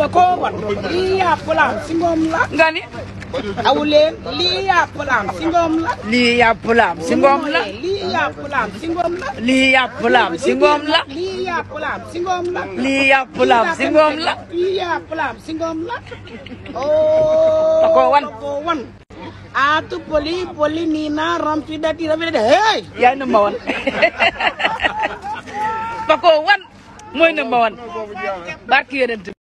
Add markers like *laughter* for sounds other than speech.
bakoowan lii yàpp la am si ngoom la. nga ni. awu leen lii yàpp la am si ngoom la. lii yàpp la am si ngoom la. lii yàpp la am si ngoom la. lii yàpp la am si ngoom la. lii yàpp la am si ngoom la. lii yàpp la am si ngoom la. lii yàpp la am si ngoom la. *laughs* ooo oh, bakoowan bakoowan. aatu poli poli nii naa rompi dati rafet hey. yaa ngi *laughs* ma wan bakoowan. mooy number one barki yonent